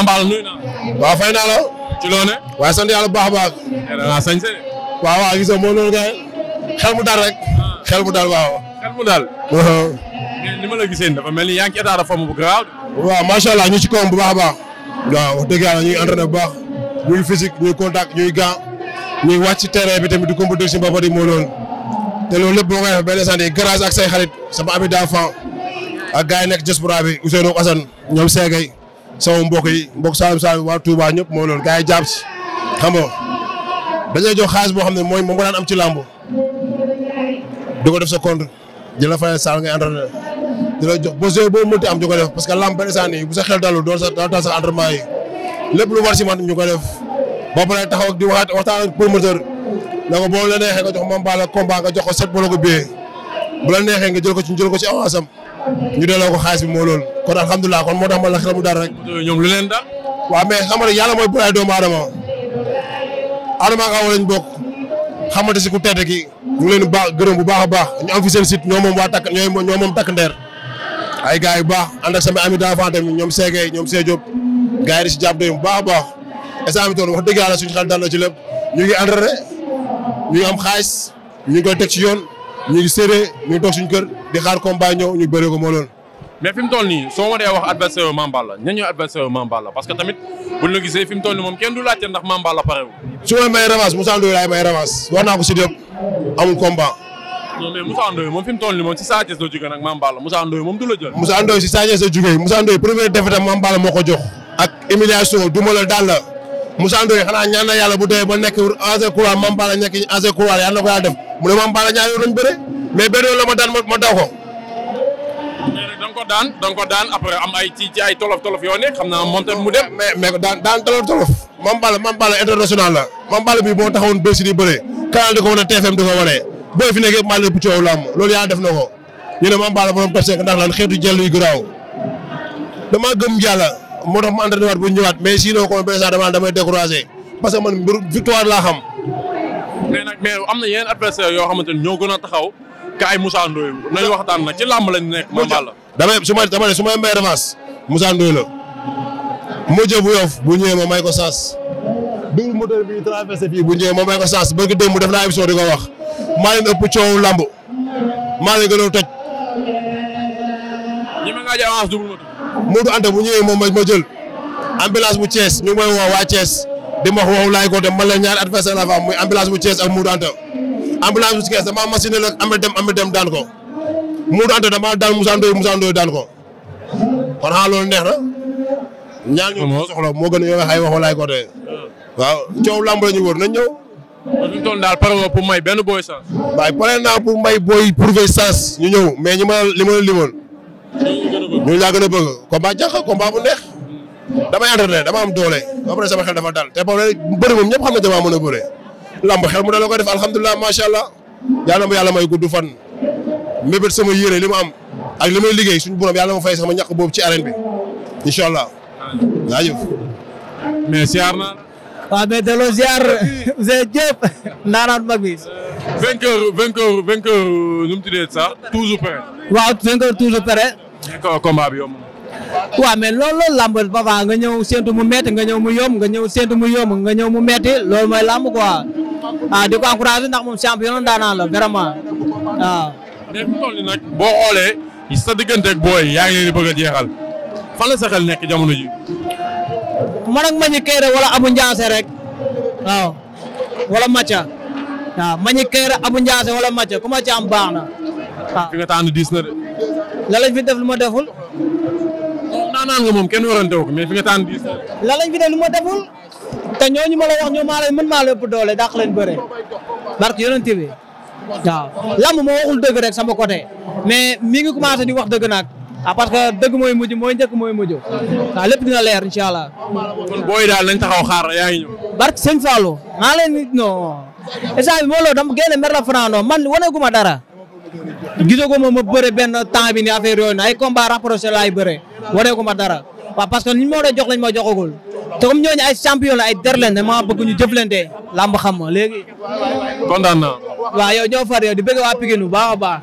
Mambal nuyu naa la. waaw fay naa la. ci loone waaye sant yàlla bu baax baax. yàlla naa sañ see. xel mu dal rek. Ah. xel mu dal waaw. xel allah ñu ci kawam bu baax a baax. waaw wax dëgg yàlla ñuy entraîné bu baax. ñuy physique ñuy contact ñuy gant. ñuy wàcc ci terrain bi tamit di compétir si mbapat yi moo noonu. te loolu lépp boo koy def benn sant yi ak say xarit sama ami daa fan ak gars yi nekk diaspora bi Ousseynou ñoom Segay sama mbokk yi mbokk Saalum Saalum waa Touba ñëpp mooy loolu gars yi jàpp si xam nga dañuy jox xaalis boo xam ne mooy moom nga daan am ci làmb di ko def sa compte di la fayal saal ngay entraîné di la jox boo see boo mënti am di ko def parce que làmb benn saan yi bu sa xel dalul doon sa daal sa entraînement yi lépp lu war si man ñu ko def ba pare taxaw ak di waxaat waxtaan ak promoteur na ko boo la neexee nga jox Mame Balla combat nga jox ko set bolo ko biyee. bu la neexee nga jël ko ci jël ko ci avance am ñu delloo ko xaalis bi moo loolu kon alhamdulilah kon moo tax ma la xel mu dara rek. ñoom lu leen da waaw mais xam nga yàlla mooy bulaay doomu aadama aadama ak awa lañ si ku tedd gi ñu leen baax gërëm bu baax a baax ñu am fi seen site ñoo moom waa takk ñooy ñoo moom takk ndeer ay gars yu baax ànd ak sama ami d'enfance tamit ñoom Seege ñoom Seydou Diop gars yi di si jàpp doyum bu baax a baax instant bi toon wax dëgg yàlla suñ xel dal na ci lépp ñu ngi entraîné ñu ngi am xaalis ñu ngi koy teg ci yoon ñu ngi séedee ñu ngi toog suñu kër di xaar combat ñëw ñu bëree moo loolu. mais fi mu nii soo waree wax adversaire yu Mame Balla ña ñëw adversaire tamit buñ la gisee fi mu toll nii moom pare su may revanche Moussa Ndoye laay may revanche wax naa ko si démb amul combat. non mais moom fi mu toll nii moom si Sa Thiès la jógee nag Mame Balla Moussa moom du la jël. Moussa Ndoye si Sa Thiès la jógee Moussa Ndoye première défaite moo ko jox. ak humiliation du la daal la Moussa xanaa ñaan na bu dee ba nekk en mu ne maam Balla ñaari yoon lañ mais benn yoon la ma daan ma daw ko. daan da ko daan après am ay ci ci ay tolof tolof yoo nekk xam naa moom tamit mu dem. mais mais daan daan tolof la. maam Balla bii boo taxawoon bési di bëre. canal di ko wane TFM di ko wane. booy fi nekk yëpp maa ngi leen loolu yaa def na ko. ñu ne maam Balla borom percé ndax lan xeetu jël yu garaaw. damaa gëm yàlla moo tax ma entraîné waat bu ñëwaat mais sinon comme président dama damay découragé parce que man laa xam mais nag mais am na yeneen adversaire yoo xamante ni ñoo gën a taxaw ka ay Moussa Ndoye nañ waxtaan nag ci làmb lañ nekk moom Balla damay su ma dama ne su ma mbay revanche Moussa Ndoye la mujjë bu yof bu ñëwee ma may ko saas dugub moteur bi traversé bu ñëwee ma may ko saas barki démb def naa émission di ko wax maa leen ëpp coow làmb maa leen gën a toj ñi ma ngaa ji avance double moteur Modou Anta bu ñëwee moom ma jël ambulance bu Thiès ñu may woo waa Thiès di wax wow laay ko dem man la ñaari adversaire la fa muy ambulance bu Thiès ak Modou Anta ambulance bu Thiès damaa machine la am dem am dem daan ko Modou Anta damaa daan Moussa Ndoye Moussa Ndoye daan ko kon xanaa loolu neex na. ñaar ñu moo soxla moo gën a yore ay waxu laay ko waaw coow lamb ñu wër nañ ñëw. kon suñu toll daal pare nga pour may benn booy sens. waaye pare naa pour may booy prouver sens ñu ñëw mais ñi ma li ma la limoon. ñu laa gën a bëgg combat jàq combat damay entraîné dama am doole am pare sama xel dafa dal te boobu bëri moom ñëpp xam ne damaa mën a bëre lamb xel mu dal la koy def alhamdulilah allah yàlla ma yàlla may gudd fan mébét sama yére li ma am ak li may liggéey suñu borom yàlla ma fay sama ñàkk boobu ci arène bi incha allah jaajëf mais siyaar naa waaw mais delloo ziar monsieur Diop ndaanaan mag bi. vainqueur vainqueur vainqueur waaw mais loolu loolu làmb Papa nga ñëw séntu mu metti nga ñëw mu yom nga ñëw séntu mu yom nga ñëw mu metti loolu mooy lamb quoi ah di ko encouragé ndax moom champion daanaan la vraiment waaw. mais bu toll nii boo xoolee sa digganteeg booy yaa ngi leen di jeexal fan la sa xel nekk jamono ji. man ak Mañi Kayre wala Abu rek wala Macha waaw Mañi Kayre Abu Ndiasse wala Macha ku ma ci am baax na waaw. fi nga tànn diis de. la fi def lu ma deful. ndaanaan nga moom kenn warante wu ko mais fi nga taan diis. fi def lu ma deful te ñooñu ma la wax ñoo maa lay mën maa la ëpp doole dàq leen bëre barke yonent bi waaw moo waxul dëgg rek sama côté mais mi ngi commencé di wax dëgg nag ah parce que dëgg mooy mujj mooy njëkk mooy mujj waaw ah, lépp dina leer incha allah. kon booy daal nañ taxaw xaar yaa ngi ñëw. barke sëñ Fallou maa leen non instant bii moo loolu dama génne mer la Franc man wane gu ma dara. gisagoo ma ma bëre benn temps bi ni affaire yooyu na ay combat rapproché laay bëre waree ko ma dara waaw parce que ni ma doon jox lañ ma joxagul te comme ñooñu ay champion la ay derlen dama bëgg ñu jëflante làmb xam ma léegi. kontaan naa. waaw yow ñoo far yow di bëgg waa Pikine bu baax a baax